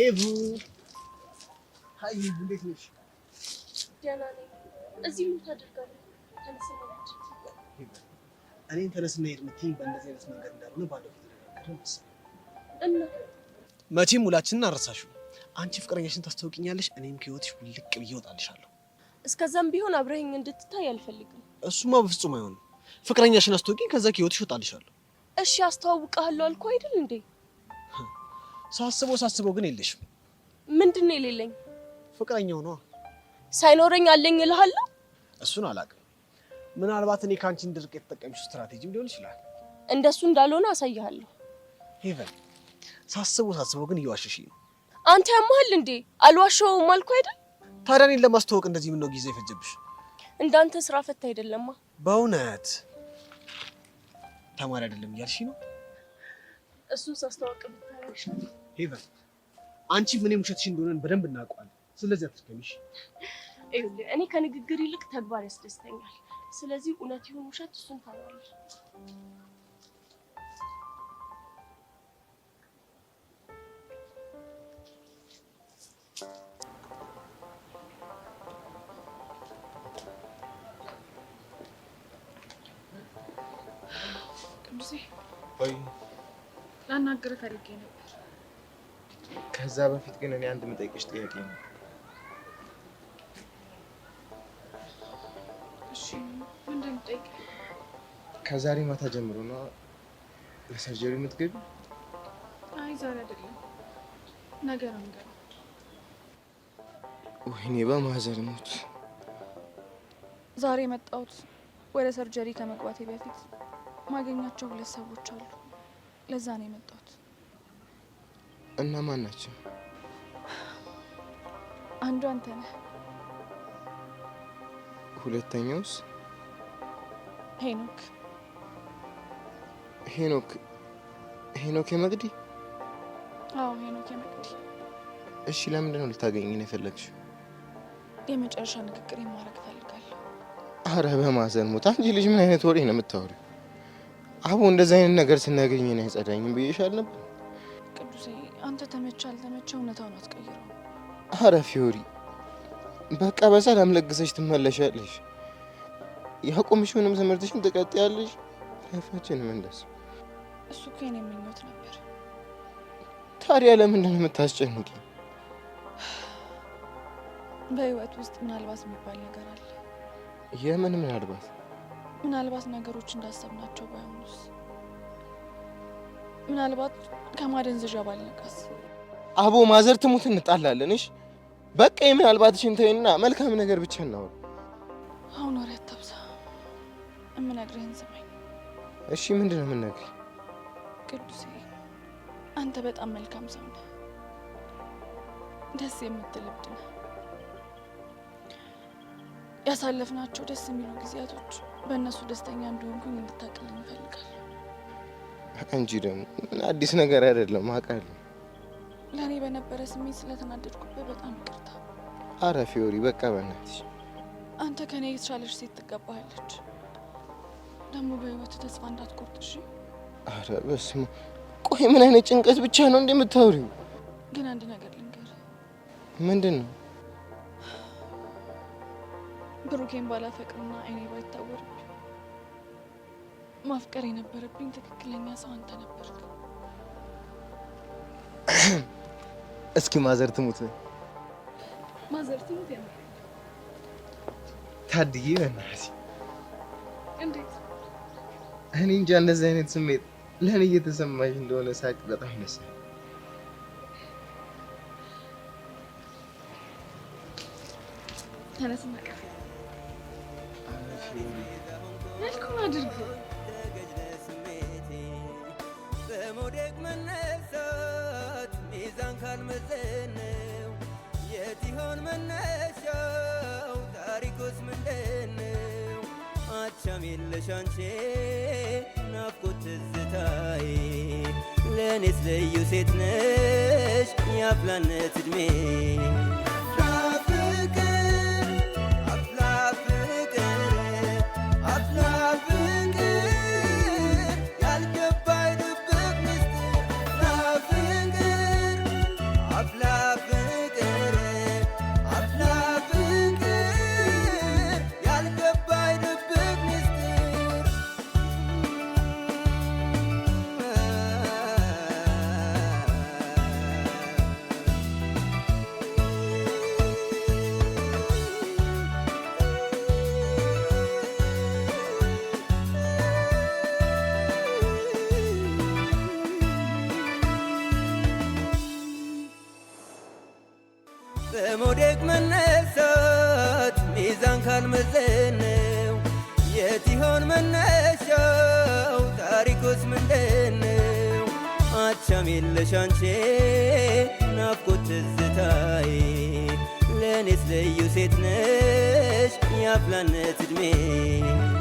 ኤቡ ሃይ፣ እንዴት ነሽ? ደህና ነኝ። እዚህ ምን ታደርጋለህ? እኔን ተነስና ሂድ የምትይኝ በእንደዚህ አይነት መንገድ እንዳልሆነ ባለፈው ተደጋግረን መሰለኝ። መቼም ሁላችንን አረሳሽው። አንቺ ፍቅረኛሽን ታስታውቂኛለሽ፣ እኔም ከህይወትሽ ውልቅ ብዬ እወጣልሻለሁ። እስከዛም ቢሆን አብረኸኝ እንድትታይ አልፈልግም። እሱማ በፍጹም አይሆንም። ፍቅረኛሽን አስታውቂኝ፣ ከዛ ከህይወትሽ እወጣልሻለሁ። እሺ አስተዋውቅሃለሁ አልኩህ አይደል እንዴ? ሳስበው ሳስበው ግን የለሽም። ምንድን ነው የሌለኝ? ፍቅረኛው ነዋ። ሳይኖረኝ አለኝ እልሃለሁ። እሱን አላውቅም። ምናልባት እኔ ከአንቺ እንድርቅ የተጠቀምሽው ስትራቴጂም ሊሆን ይችላል። እንደሱ እንዳልሆነ አሳይሃለሁ። ሄቨን፣ ሳስበው ሳስበው ግን እየዋሸሽ ነው። አንተ ያማሃል እንዴ? አልዋሸውም አልኩ አይደል? ታዲያ እኔን ለማስተዋወቅ እንደዚህ ምን ነው ጊዜ ፈጀብሽ? እንዳንተ ስራ ፈታ አይደለማ። በእውነት ተማሪ አይደለም እያልሽ ነው? እሱን ሳስተዋወቅ ብታያሻል ሄቨን አንቺ ምን ውሸትሽ እንደሆነን በደንብ እናውቀዋለን። ስለዚህ አትርከሚሽ። እኔ ከንግግር ይልቅ ተግባር ያስደስተኛል። ስለዚህ እውነት ይሁን ውሸት እሱን ታውቃለሽ። ቅዱሴ ላናግርህ ፈልጌ ነበር ከዛ በፊት ግን እኔ አንድ የምጠይቅሽ ጥያቄ ነው። ከዛሬ ማታ ጀምሮ ነው ለሰርጀሪ የምትገቢ? አይ ዛሬ አይደለም ነገ ነው የምገባው። ወይኔ ሞት። ዛሬ የመጣሁት ወደ ሰርጀሪ ከመግባቴ በፊት ማገኛቸው ሁለት ሰዎች አሉ። ለዛ ነው የመጣሁት። እና ማን ናቸው? አንዱ አንተ ነህ። ሁለተኛውስ? ሄኖክ ሄኖክ ሄኖክ የመቅዲ? አዎ ሄኖክ የመቅዲ። እሺ፣ ለምንድን ነው ልታገኝ ነው የፈለግሽው? የመጨረሻ ንግግር ማድረግ እፈልጋለሁ። አረ በማዘን ሞት! አንቺ ልጅ ምን አይነት ወሬ ነው የምታወሪው? አቡ እንደዚህ አይነት ነገር ስናገኝ ነው አይጸዳኝም ብዬሽ አልነበር? አንተ ተመቸህ አልተመቸህ እውነታውን አትቀይረው። አረ ፊዮሪ በቃ በሰላም ለግሰሽ ትመለሻለሽ። ያቆምሽውንም ትምህርትሽን ትቀጥያለሽ። ላይፋችን መለስ እሱ እኮ የኔ ምኞት ነበር። ታዲያ ለምንድን የምታስጨንቂ? በህይወት ውስጥ ምናልባት የሚባል ነገር አለ። የምን ምናልባት? ምናልባት ነገሮች እንዳሰብናቸው ባይሆኑስ? ምናልባት ከማደንዘዣ ባልነቃስ? አቦ ማዘር ትሙት እንጣላለን። እሺ በቃ ምናልባት ሽንተይና መልካም ነገር ብቻ እናወር? አሁን ወሬ አታብዛ፣ እምነግርህን ስማኝ እሺ? ምንድን ነው የምነግርህ? ቅዱሴ አንተ በጣም መልካም ሰው ነህ፣ ደስ የምትል እብድ ነህ። ያሳለፍናቸው ደስ የሚሉ ጊዜያቶች በእነሱ ደስተኛ እንደሆንኩኝ እንድታቅልኝ ይፈልጋል። አንቺ ደግሞ አዲስ ነገር አይደለም አውቃለሁ። ለእኔ በነበረ ስሜት ስለተናደድኩበት በጣም ይቅርታ። አረ ፊዮሪ በቃ በእናትሽ አንተ ከኔ የተሻለች ሴት ትገባሃለች። ደግሞ በህይወት ተስፋ እንዳትቆርጥሽ። አረ በስመ ቆይ ምን አይነት ጭንቀት ብቻ ነው እንደምታወሪው? ግን አንድ ነገር ልንገር። ምንድን ነው? ብሩኬን ባላፈቅርና አይኔ ባይታወርም ማፍቀር የነበረብኝ ትክክለኛ ሰው አንተ ነበርክ። እስኪ ማዘር ትሙት ማዘር ትሙት ያ ታድዬ በእናትሽ እንዴት እኔ እንጃ እንደዚህ አይነት ስሜት ለእኔ እየተሰማሽ እንደሆነ ሳቅ በጣም ነሳ። ተነስና ቀፍ አድርግ መነሳት ሚዛን ካልመዘነው የት ይሆን መነሻው? ታሪኮስ ምንድነው? አቻም የለሽ አንቺ ናፍቆት ትዝታዬ ለእኔስ ልዩ ሴት ነሽ ያፍላነት እድሜ ከመውደቅ መነሳት ሚዛን ካልመዘነው የት ይሆን መነሻው? ታሪኩስ ምንድነው? አቻም የለሽ አንቺ ናፍቆት ትዝታዬ ለእኔስ ልዩ ሴት ነሽ ያፍላነት እድሜ